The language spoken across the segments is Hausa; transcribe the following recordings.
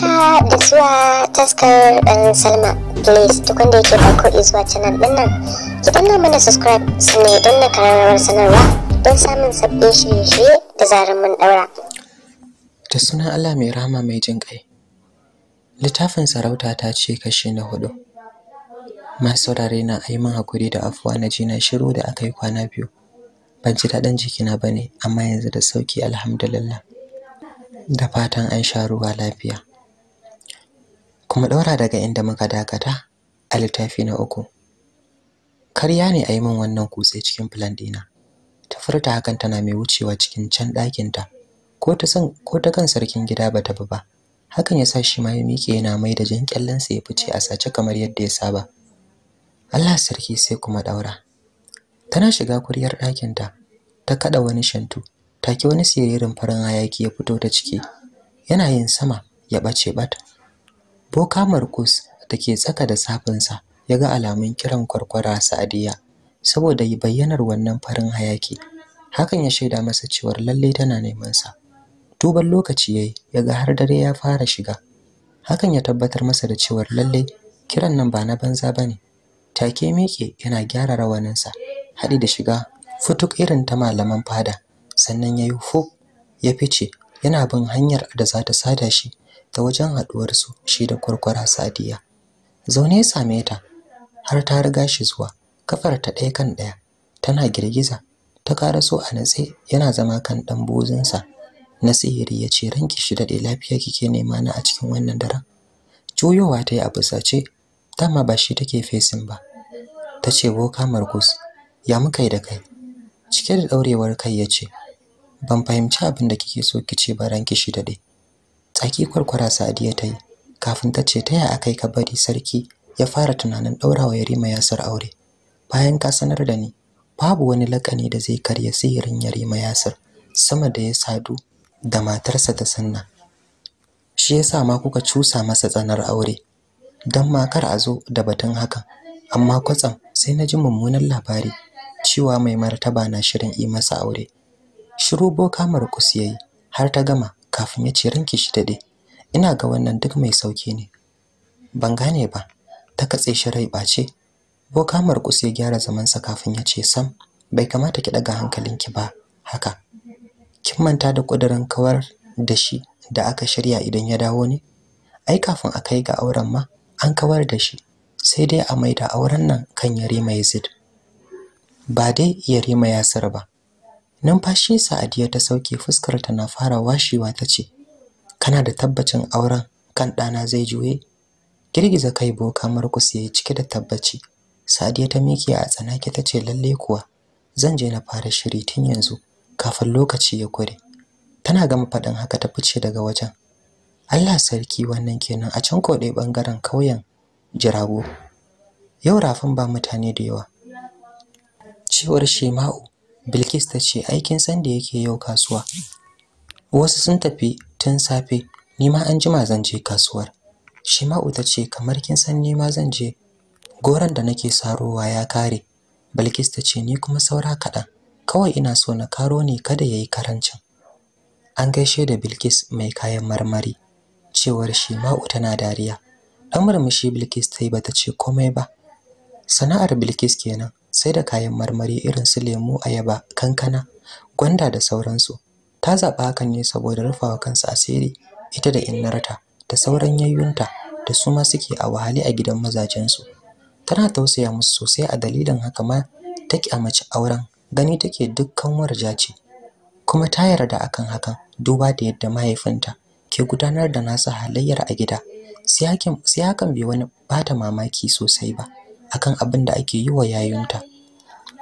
haka ah, da zuwa taskar ɗan um, salma please duk wanda yake farko izuwa canal ɗin nan ki danna mana subscribe sannan don na kararrawar sanarwa don samun sabbin shirye-shirye da zarar mun ɗaura da sunan allah mai rama mai jin ƙai littafin sarauta ta ce kashe na hudu masu saurare na ai min hakuri da afuwa na jina shiru da aka yi kwana biyu ban ji daɗin jikina ba ne amma yanzu da sauki alhamdulillah da fatan an sha ruwa lafiya kuma ɗaura daga inda muka dakata a littafi na uku karya ne a yi min wannan kutse cikin filan ɗina ta furta hakan tana mai wucewa cikin can ɗakinta ko ta kan sarkin gida ba ta ba hakan ya sa shi ma ya miƙe yana mai da jan ƙyallensa ya fice a sace kamar yadda ya saba Allah sarki sai kuma ɗaura tana shiga kuryar ɗakinta ta kaɗa wani shantu take wani siririn farin hayaki ya fito ta ciki yana yin sama ya ɓace ɓata boka markus da ke tsaka da safinsa ya ga alamun kiran kwarkwara Sadiya, saboda bayyanar wannan farin hayaki hakan ya shaida masa cewar lalle tana neman sa tuban lokaci yayi ya ga har dare ya fara shiga hakan ya tabbatar masa da cewar lalle kiran nan ba na banza bane take meke yana gyara rawaninsa haɗi da shiga futuk irin ta malaman fada sannan yayi yi ya fice yana bin hanyar da za ta sada shi ta wajen su shi da kwarkwara Sadiya. Zaune ya same ta har ta riga shi zuwa, kafar ta ɗaya kan ɗaya, tana girgiza, ta so a natse yana zama kan ɗan bozinsa. Nasiri ya ce ranki shi daɗe lafiya kike nema na a cikin wannan daren. Juyowa ta yi a fusace, dama ba shi take fesin ba. Ta ce boka Markus, ya muka yi da kai? Cike da ɗaurewar kai ya ce, ban fahimci abin da kike so kice ba ranki shi daɗe. tsaki kwarkwara Sadiya ta yi kafin ta ce ta ya akai ka bari sarki ya fara tunanin ɗaurawa Yarima Yasir aure bayan ka sanar da ni babu wani lakani da zai karya sihirin Yarima Yasir sama da ya sadu da matarsa ta Sanna shi yasa ma kuka cusa masa tsanar aure dan ma kar a zo da batun haka amma kwatsam sai na ji mummunan labari cewa mai martaba na shirin yi masa aure shiru boka markus yayi har ta gama kafin ya ce ranki shi dade ina ga wannan duk mai sauki ne ban gane ba ta katse shi rai bace boka markus ya gyara zaman sa kafin ya ce sam bai kamata ki daga hankalinki ba haka kin manta da kudirin kawar da shi da aka shirya idan ya dawo ne ai kafin a kai ga auren ma an kawar da shi sai dai a maida auren nan kan Yarima Yazid ba dai Yarima Yasir ba numfashi sa'adiya ta sauke fuskar ta na fara washewa ta ce kana da tabbacin auren kan ɗana zai juye girgiza kai boka markus yayi cike da tabbaci Sadiya ta miƙe a tsanake tace ce lalle kuwa zan je na fara shiri tun yanzu kafin lokaci ya kure tana gama faɗin haka ta fice daga wajen Allah sarki wannan kenan a can koɗe ɓangaren kauyen jirago yau rafin ba mutane da yawa cewar shema'u Bilkis ta ce aikin sanda da yake yau kasuwa. Wasu sun tafi tun safe, ni ma an jima zan je kasuwar. Shima'u ta ce kamar kin san ni ma zan je. Goron da nake sarowa ya kare. Bilkis ta ce ni kuma saura kaɗan. Kawai ina so na karo ne kada yayi karancin. An gaishe da Bilkis mai kayan marmari. Cewar Shima'u tana dariya. Ɗan murmushi Bilkis ta yi bata ce komai ba. Sana'ar Bilkis kenan. sai da kayan marmari irin su lemo, ayaba, kankana, gwanda da sauransu. Ta zaɓi hakan ne saboda rufawa kansa asiri ita da innarta da sauran yayyunta da su ma suke a wahali a gidan mazajensu. Tana tausaya musu sosai a dalilin haka ma ta mace auren gani take dukkan warja ce. Kuma ta yarda akan hakan duba da yadda mahaifinta ke gudanar da nasa halayyar a gida. Sai hakan bai wani bata mamaki sosai ba akan abin da ake yi wa yayunta.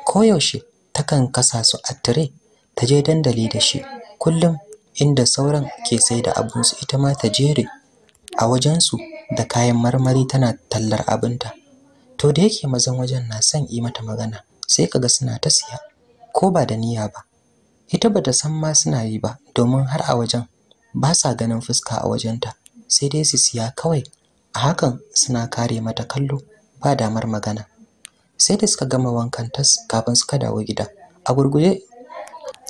koyaushe takan kasa su a tire ta je dandali da shi kullum inda sauran ke sai da abinsu ita ma ta jere a wajensu da kayan marmari tana tallar abinta to da yake mazan wajen na son yi mata magana sai kaga suna ta siya ko ba da niyya ba ita bata san ma suna yi ba domin har a wajen ba sa ganin fuska a wajenta sai dai su siya kawai a hakan suna kare mata kallo ba damar magana sai da suka gama wankan tas kafin suka dawo gida a gurguje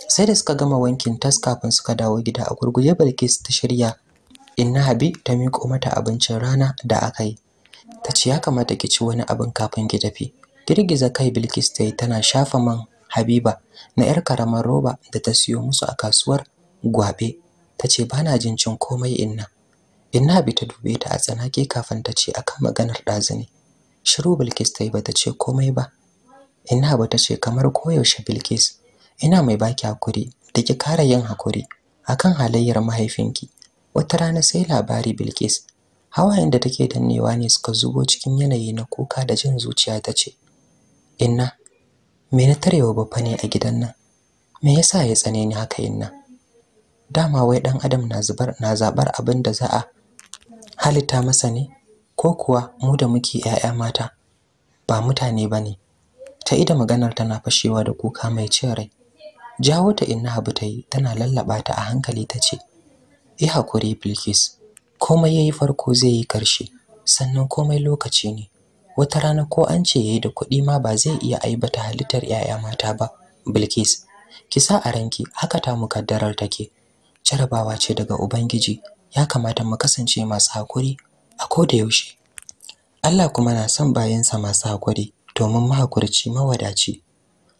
sai da suka gama wankin tas kafin suka dawo gida a gurguje ta shirya inna Habi ta miƙo mata abincin rana da aka yi ta ce ya kamata ki ci wani abin kafin ki tafi girgiza kai Bilkis ta yi tana shafa man Habiba na 'yar karamar roba da ta siyo musu a kasuwar Gwabe ta ce ba na jin cin komai inna inna Habi ta dube ta a tsanake kafin ta ce akan maganar ɗazuni Shiru Bilkis ta yi bata ce komai ba. Ina bata ce kamar koyaushe Bilkis. Ina mai baki hakuri da ki kara yin hakuri akan halayyar mahaifinki. Wata rana sai labari Bilkis. Hawayen da take dannewa ne suka zubo cikin yanayi na kuka da jin zuciya ta ce. Inna, me na tarewa babba ne a gidan nan? Me yasa ya tsane ni haka inna? Dama wai dan Adam na zubar na zabar abin da za a halitta masa ne? ko kuwa mu da muke 'ya'ya mata ba mutane ba ne ta ida maganar tana fashewa da kuka mai cin rai jawo ta inna habu ta yi tana lallaba ta a hankali ta ce yi hakuri bilkis komai ya yi farko zai yi ƙarshe sannan komai lokaci ne wata rana ko an ce ya yi da kuɗi ma ba zai iya aibata halittar 'ya'ya mata ba bilkis ki sa a ranki haka ta mukaddarar take jarabawa ce daga ubangiji ya kamata mu kasance masu hakuri a koda yaushe Allah kuma na son bayansa masu hakuri domin mahakurci mawadaci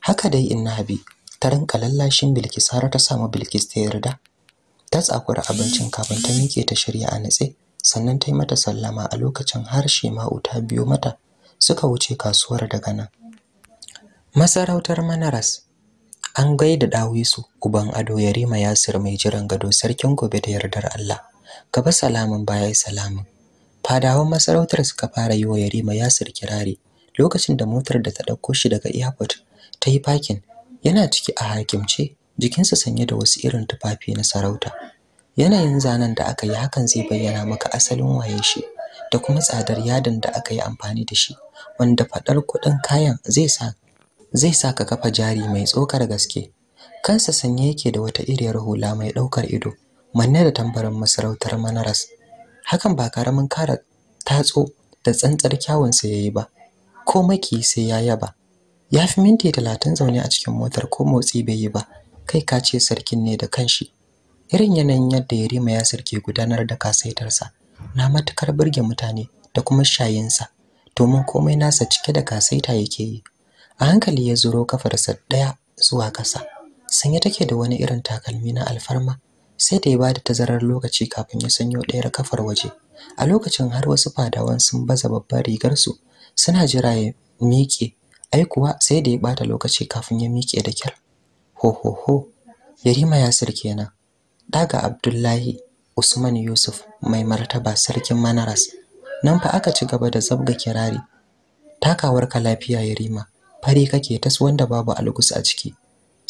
haka dai inna habi ta rinka lallashin Bilkis har ta samu Bilkis ta yarda ta tsakura abincin kafin ta miƙe ta shirya a nitse sannan ta yi mata sallama a lokacin har Shema'u ta biyo mata suka wuce kasuwar daga nan masarautar Manaras an gaida dawisu uban ado Yarima Yasir mai jiran gado sarkin gobe da yardar Allah gaba salamin baya salamin fadawan masarautar suka fara yi wa Yarima Yasir kirari lokacin da motar da ta ɗauko shi daga airport ta yi parking yana ciki a hakimce jikinsa sanye da wasu irin tufafi na sarauta yanayin zanen da aka yi hakan zai bayyana maka asalin waye shi da kuma tsadar yadin da aka yi amfani da shi wanda faɗar kuɗin kayan zai sa zai sa ka kafa jari mai tsokar gaske kansa sanye yake da wata iriyar hula mai ɗaukar ido manne da tambarin masarautar manaras hakan ba karamin kara tatso da tsantsar kyawunsa ya yi ba ko maki sai ya yaba ya fi minti talatin zaune a cikin motar ko motsi bai yi ba kai ka ce sarkin ne da kanshi irin yanayin yadda yarima ya sarki gudanar da kasaitarsa na matukar burge mutane da kuma shayinsa domin komai nasa cike da kasaita yake yi a hankali ya zuro kafarsa ɗaya zuwa ƙasa sanye take da wani irin takalmi na alfarma sai da ya bada tazarar lokaci kafin ya sanyo ɗayar kafar waje a lokacin har wasu fadawan sun baza babbar rigarsu suna jira ya miƙe ai kuwa sai da ya bata lokaci kafin ya miƙe da kyar ho ho ho yarima yasir kenan daga abdullahi usman yusuf mai martaba sarkin manaras nan fa aka ci gaba da zabga kirari takawar ka lafiya yarima fari kake tas wanda babu algus a ciki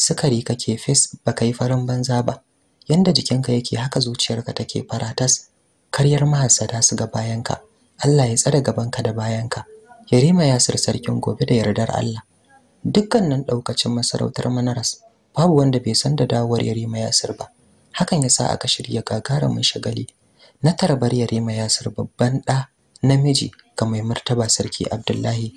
sukari kake fes baka yi farin banza ba yanda jikinka yake haka zuciyarka take faratas karyar mahassada su ga bayanka Allah ya tsare gabanka da bayanka Yarima sir sarkin gobe da yardar Allah dukkanin daukacin masarautar Manaras babu wanda bai san da dawowar Yarima Yasir ba hakan yasa aka shirya mun shagali na tarbar Yarima Yasir babban da namiji ga mai martaba sarki Abdullahi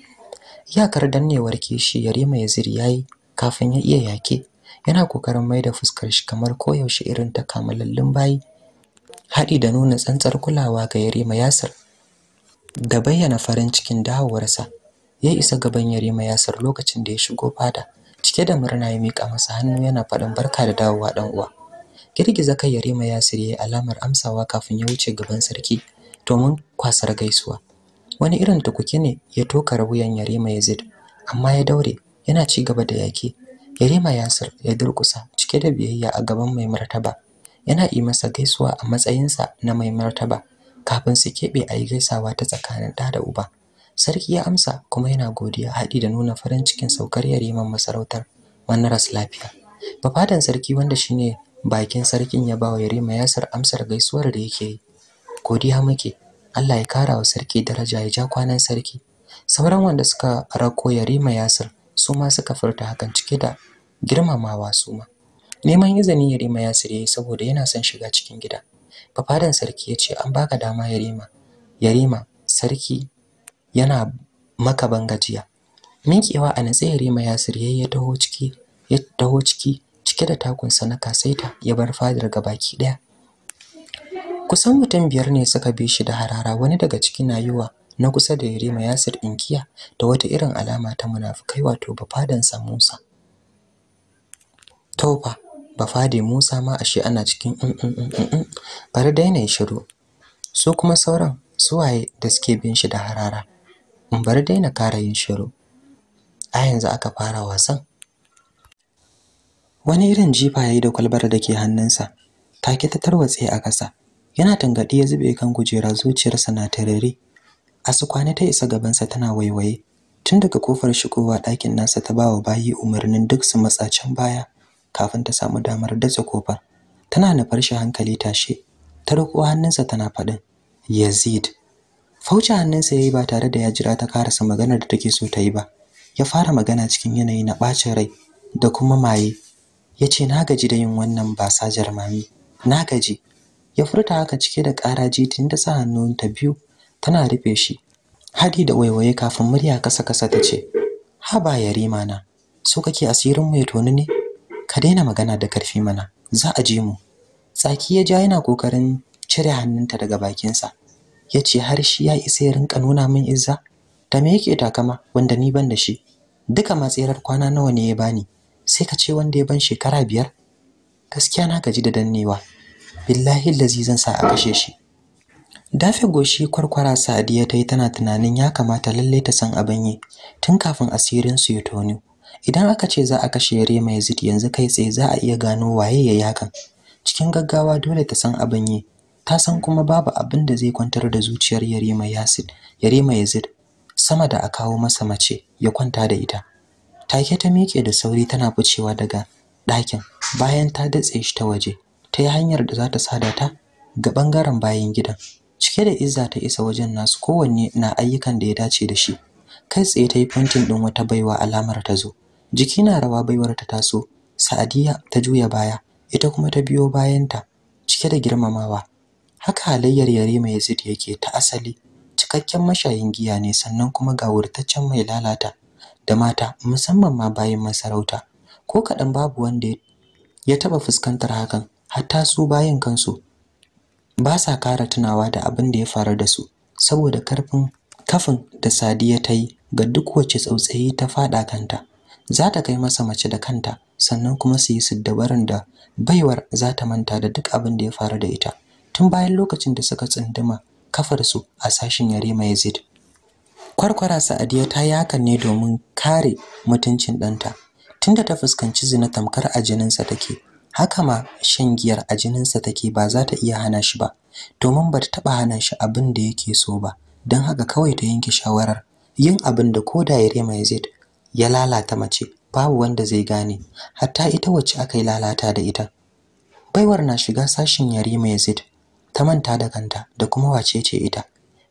iyakar dannewar kishi Yarima Yazir yayi kafin ya iya yake yana kokarin maida fuskar shi kamar koyaushe irin ta kamalallun bayi haɗi da nuna tsantsar kulawa ga Yarima Yasir da bayyana farin cikin dawowarsa ya isa gaban Yarima Yasir lokacin da ya shigo fada cike da murna ya mika masa hannu yana faɗin barka da dawowa ɗan uwa girgiza kai Yarima Yasir yi alamar amsawa kafin ya wuce gaban sarki domin kwasar gaisuwa wani irin tukuki ne ya toka wuyan Yarima Yazid amma ya daure yana ci gaba da yaki Yarima Yasir ya durƙusa cike da biyayya a gaban mai martaba. Yana yi masa gaisuwa a matsayinsa na mai martaba kafin su keɓe a yi gaisawa ta tsakanin ɗa da uba. Sarki ya amsa kuma yana godiya haɗi da nuna farin cikin saukar Yariman masarautar Manaras lafiya. Bafadan sarki wanda shine bakin sarkin ya bawa Yarima Yasir amsar gaisuwar da yake yi. Godiya muke Allah ya kara wa sarki daraja ya ja kwanan sarki. Sauran wanda suka rako Yarima Yasir suma suka furta hakan cike da girmamawa su ma neman izini yarima ya sire saboda yana son shiga cikin gida fafadan sarki ya ce an baka dama yarima yarima sarki yana maka bangajiya minkewa a natse yarima ya sire ya taho ciki ya taho ciki cike da takunsa na kasaita ya bar fadar gabaki ɗaya. kusan mutum biyar ne suka bi shi da harara wani daga cikin na yiwa na kusa da yarima yasir inkiya da wata irin alama ta munafukai wato bafadansa musa ba bafade Musa ma ashe ana cikin mm, mm, mm, bari daina yi shiru su kuma sauran su waye da suke bin shi da harara in bari daina kara yin shiru a yanzu aka fara wasan wani irin jifa yayi da kwalbar da ke hannunsa take ta tarwatse a ƙasa yana tangadi ya zube kan kujera zuciyarsa na tarare kwana ta isa gabansa tana waiwaye tun daga kofar shigowa ɗakin nasa ta bawa bayi umarnin duk su matsa can baya kafin ta samu damar datse kofar tana nufar shi hankali tashe ta riko hannunsa tana faɗin Yazid fauce hannunsa ya yi ba tare da ya jira ta karasa maganar da take so ta yi ba ya fara magana cikin yanayi na ɓacin rai da kuma maye ya ce na gaji da yin wannan basa jarmami na gaji ya furta haka cike da ƙaraji tun da sa ta biyu tana rufe shi hadi da waiwaye kafin murya kasa kasa ta ce haba yarima na so kake asirin mu ya toni ne ka daina magana da karfi mana za a je mu tsaki ya ja yana kokarin cire hannunta daga bakinsa ya ce har shi ya isa ya rinka nuna min izza Ta me yake takama wanda ni ban da shi duka ma tserar kwana nawa ne ya bani sai ka ce wanda ya ban shekara biyar gaskiya na gaji da dannewa billahi lazi zan sa a kashe shi dafe goshi kwarkwara sa'adiya ta yi tana tunanin ya kamata lalle ta san abin yi tun kafin asirin su ya tonu idan aka ce za a kashe mai zid yanzu kai tsaye za a iya gano waye yi hakan cikin gaggawa dole ta san abin yi ta san kuma babu abin da zai kwantar da zuciyar Yarima Yasid Yarima Yazid sama da a kawo masa mace ya kwanta da ita take ta miƙe da sauri tana ficewa daga ɗakin bayan ta datse shi ta waje ta yi hanyar da za ta sada ta ga ɓangaren bayan gidan cike da izza ta isa wajen nasu kowanne na ayyukan da ya dace da shi kai tsaye ta yi fantin ɗin wata baiwa alamar ta zo jiki na rawa baiwar ta taso sa'adiya ta juya baya ita kuma ta biyo bayanta cike da girmamawa haka halayyar yare mai yazid yake ta asali cikakken mashayin giya ne sannan kuma ga wurtaccen mai lalata da mata musamman ma bayan masarauta ko kaɗan babu wanda ya taɓa fuskantar hakan hatta su bayan kansu ba sa kara tunawa da abin da ya faru da su saboda karfin kafin da sadiya ta yi ga duk wacce tsautsayi ta faɗa kanta za ta kai masa mace da kanta sannan kuma su yi siddabarin da baiwar za ta manta da duk abin da ya faru da ita tun bayan lokacin da suka tsunduma kafarsu a sashin mai Yazid. Kwarkwara sa'adiyya ta yi hakan ne domin kare mutuncin ɗanta. Tunda ta fuskanci zina tamkar a jininsa take, haka ma shan giyar a jininsa take ba za ta iya hana shi ba, domin ba ta taɓa hana shi abin da yake so ba, don haka kawai ta yanke shawarar yin abin da koda yare mai Yazid ya lalata mace babu wanda zai gane hatta ita wacce aka yi lalata da ita baiwar na shiga sashin yarima yazid ta manta da kanta da kuma wacece ita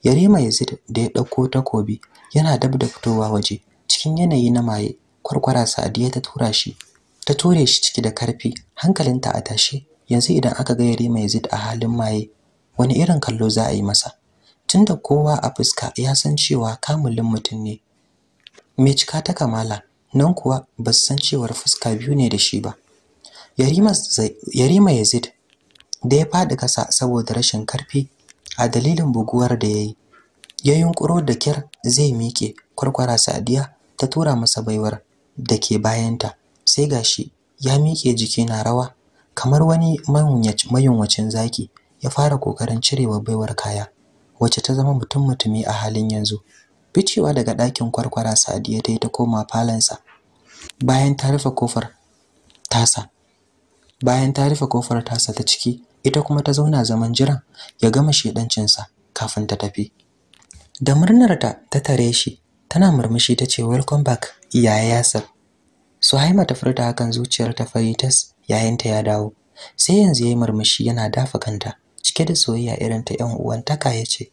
yarima yazid da ya ɗauko takobi yana dab da fitowa waje cikin yanayi na maye kwarkwara sadiya ta tura shi ta ture shi ciki da karfi hankalinta a tashe yanzu idan aka ga yarima yazid a halin maye wani irin kallo za a yi masa tunda kowa a fuska ya san cewa kamulin mutum ne mai cika ta kamala nan kuwa ba san cewar fuska biyu ne da shi ba yarima yazid da ya faɗi kasa saboda rashin karfi a dalilin buguwar da ya yi ya yunƙuro da kyar zai miƙe kwarkwara sadiya ta tura masa baiwar da ke bayanta sai gashi ya miƙe jiki na rawa kamar wani mayunwacin zaki ya fara kokarin cirewa baiwar kaya wacce ta zama mutum mutumi a halin yanzu ficewa daga ɗakin kwarkwara sadiya ta yi ta koma falonsa, bayan ta rufe kofar tasa bayan ta rufe kofar tasa ta ciki ita kuma ta zauna zaman jiran ya gama shedancinsa kafin ta tafi da murnar ta ta tare shi tana murmushi ta ce welcome back ya yasir suhaima ta furta hakan zuciyar ta fari tas yayinta ya dawo sai yanzu yayi murmushi yana dafa kanta cike da soyayya irin ta 'yan uwantaka ya ce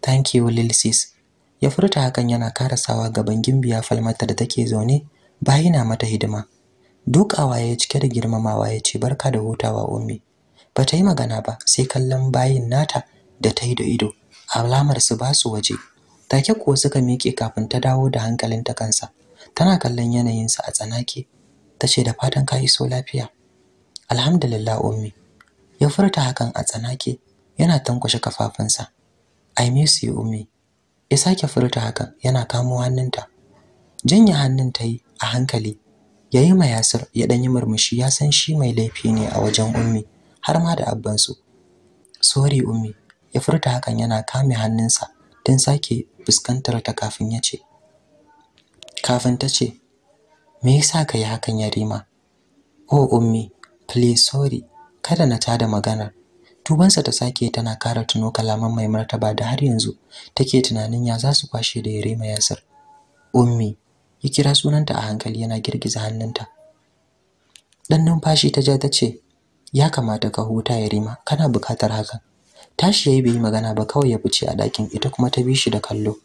thank you lil sis ya furta hakan yana karasawa gaban gimbiya falmata da take zaune ba na mata hidima dukawa ya cike da girmamawa ya ce barka da hutawa ummi ba ta yi magana ba sai kallon bayin nata da ta yi da ido alamar su ba su waje take kuwa suka miƙe kafin ta dawo da hankalin ta kansa tana kallon yanayinsa a tsanake ta ce da fatan ka iso lafiya alhamdulillah ummi ya furta hakan a tsanake yana tankwashe kafafunsa i miss you ummi ya sake furta hakan yana kamo hannunta janye hannun ta yi a hankali yayi ma Yasir ya dan yi murmushi ya san shi mai laifi ne a wajen ummi har ma da abbansu Sori, ummi ya furta hakan yana kame hannunsa don sake fuskantar ta kafin ya ce kafin ta ce me yasa ka yi hakan ya rima? oh ummi please sorry kada na tada maganar tubansa ta sake tana kara tuno kalaman mai martaba da har yanzu take tunanin ya za su kwashe da yarima Yasir ummi ya kira sunanta a hankali yana girgiza hannunta dan numfashi ta ja ta ce ya kamata ka huta Yarima kana bukatar hakan tashi ya yayi bai magana ba kawai ya fice a dakin ita kuma ta bi shi da kallo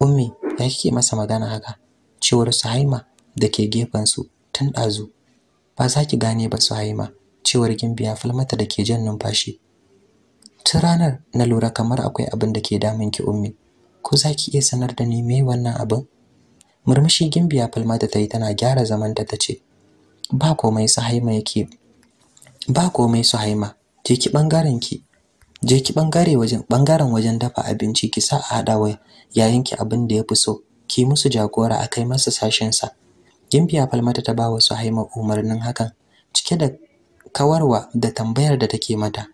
ummi ya kike masa magana haka cewar Suhaima da ke gefen su tun ɗazu. ba za ki gane ba Suhaima cewar gimbiya falmata da ke jan numfashi tun ranar na lura kamar akwai abin da ke damun ki ummi ko za ki iya sanar da ni me wannan abin murmushi gimbiya falmata ta yi tana gyara zamanta ta ce ba komai su haima yake ba komai su haima je ki bangaren ki je ki bangare wajen bangaren wajen dafa abinci ki sa a hada wa yayin ki abin da ya fi so ki musu jagora akai masa sashen sa gimbiya falmata ta ba wa su haima umarnin hakan cike da kawarwa da tambayar da take mata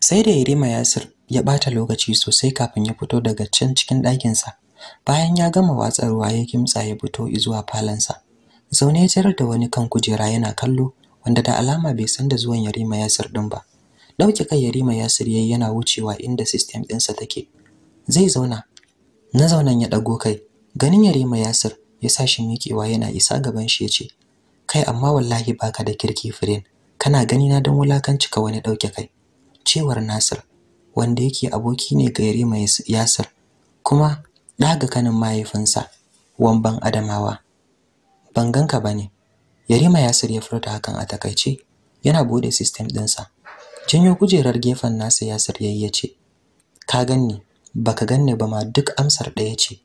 sai da Yarima Yasir ya bata lokaci sosai kafin ya fito daga can cikin ɗakinsa bayan ya gama watsarwa ya kimtsa ya fito zuwa sa zaune ya tarar da wani kan kujera yana kallo wanda da alama bai san da zuwan Yarima Yasir din ba dauke kai Yarima Yasir yayi yana wucewa inda system sa take zai zauna na zaunan ya dago kai ganin Yarima Yasir ya sa shi miƙewa yana isa gaban shi ya ce kai amma wallahi baka da kirki Firin kana gani na don wulakanci ka wani dauke kai cewar Nasir wanda yake aboki ne ga Yarima Yasir kuma daga kanin mahaifinsa wamban Adamawa ban ganka bane Yarima Yasir ya furta hakan a takaice yana bude system dinsa janyo kujerar gefen nasa Yasir yayi yace ka ganni baka ganni ba ma duk amsar ɗaya ce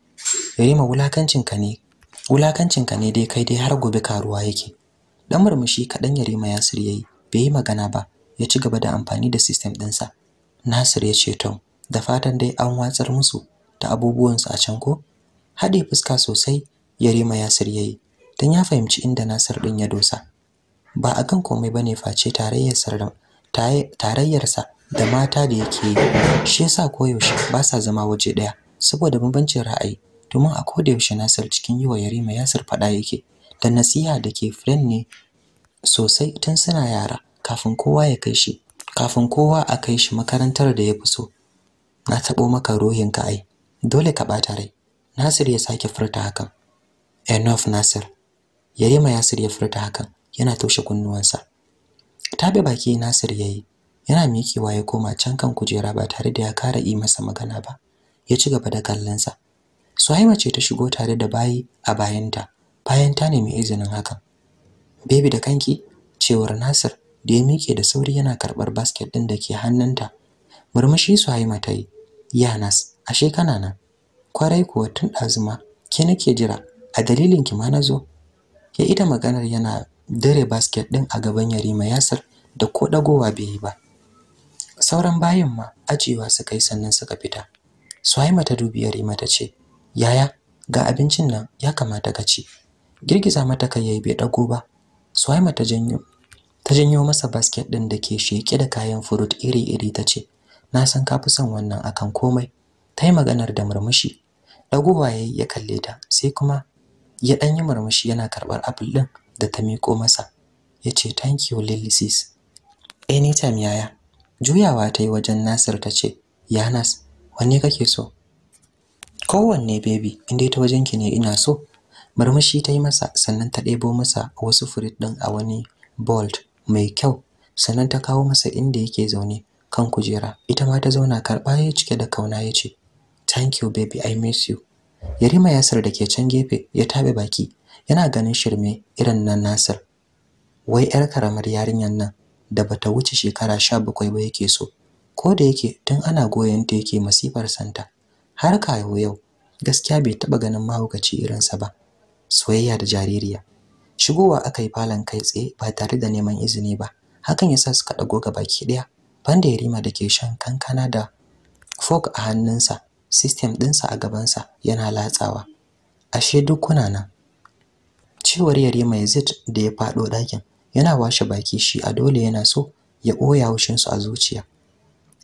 Yarima wulakancin ka ne wulakancin ka ne dai kai dai har gobe karuwa yake Dan murmushi kaɗan Yarima Yasir ya yi, bai yi magana ba, ya ci gaba da amfani da sistem sa Nasir ya ce Tom, da fatan dai an watsar musu da su a can ko? Hade fuska sosai Yarima Yasir ya yi, don ya fahimci inda Nasir din ya dosa. Ba a kan komai ba ne face tarayyarsa da mata da yake yi, shi yasa koyaushe ba sa zama waje ɗaya saboda bambancin ra'ayi, domin a koda yaushe Nasir cikin yiwa Yarima Yasir faɗa yake. da nasiha da ke friend ne sosai tun suna yara kafin kowa ya kai shi kafin kowa a kai shi makarantar da ya fi so na taɓo maka ka ai dole ka ɓata rai Nasir ya sake furta hakan enough Nasir Yarima Yasir ya furta hakan yana toshe kunnuwansa tabe baki Nasir yi. yana mikewa ya koma can kan kujera ba tare da ya kara yi masa magana ba ya ci gaba da kallonsa Suhaima ce ta shigo tare da bayi a bayanta bayan ta nemi izinin hakan baby da kanki cewar Nasir da ya miƙe da sauri yana karɓar basket ɗin da ke hannunta murmushi Suhaima ta yi ya Nas ashe kana nan kwarai kuwa tun ɗazuma ke nake jira a dalilin ki ma na zo ya ita maganar yana dare basket ɗin a gaban Yarima Yasir da ko ɗagowa bai yi ba sauran bayin ma ajiyewa suka yi sannan suka fita Suhaima ta dubi Yarima ta ce yaya ga abincin nan ya kamata ka ci girgiza mata kai yayi bai dago ba Suhaima ta janyo ta janyo masa basket din da ke sheke da kayan fruit iri-iri ta ce na san ka fi son wannan akan komai ta yi maganar da murmushi dagowa yayi ya kalle ta sai kuma ya dan yi murmushi yana karbar apple din da ta miko masa ya ce thank you lily sis anytime yaya juyawa ta yi wajen Nasir ta ce Yanas wanne kake so kowanne baby inda ta wajenki ne ina so Marmashi ta yi masa sannan ta ɗebo masa wasu furit ɗin a wani bolt mai kyau sannan ta kawo masa inda yake zaune kan kujera. Ita ma ta zauna karɓa ya cike da kauna ya ce, Thank you baby, I miss you. Yarima Yasir da ke can gefe ya taɓe baki yana ganin shirme irin nan Nasir. Wai 'yar karamar yarinyar nan da bata wuce shekara sha bakwai ba yake so. Ko da yake tun ana goyon ta yake masifar santa. Har kayo yau gaskiya bai taɓa ganin mahaukaci irinsa ba. soyayya da jaririya shigowa aka yi falon kai tsaye ba tare da neman izini ba hakan yasa suka dago baki daya banda yarima da ke shan kankana da fork a hannunsa system dinsa a gabansa yana latsawa ashe duk kuna nan cewar yarima yazid da ya fado dakin yana washe baki shi a dole yana so ya haushin haushinsu a zuciya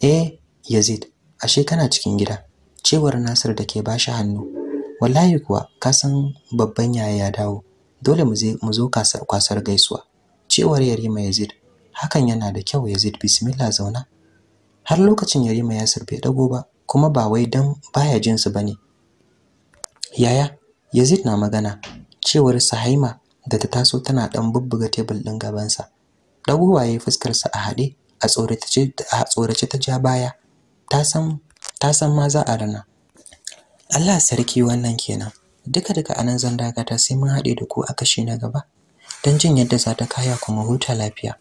eh yazid ashe kana cikin gida cewar nasir da ke bashi hannu wallahi kuwa ka san babban yaya ya dawo dole mu zo kasar kwasar gaisuwa cewar yarima yazid hakan yana da kyau yazid bismillah zauna har lokacin yarima ya bai dago ba kuma ba wai dan baya jin su bane yaya yazid na magana cewar sahaima da ta taso tana dan bubbuga tebul din gabansa dagowa waye fuskar sa a hade a tsorace a tsorace ta ja baya ta san ta san ma za a rana Allah sarki wannan kenan duka duka anan zan dakata sai mun haɗe da ku a kashi na gaba don jin yadda za ta kaya kuma huta lafiya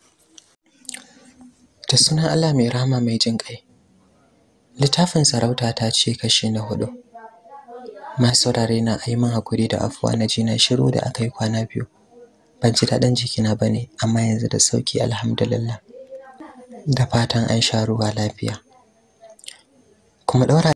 da sunan Allah mai rahama mai jin ƙai littafin sarauta ta ce kashi na hudu masu saurare na min hakuri da afuwa na jina shiru da aka yi kwana biyu ban ji daɗin jikina ba ne amma yanzu da sauki alhamdulillah da fatan an sha ruwa lafiya kuma ɗaura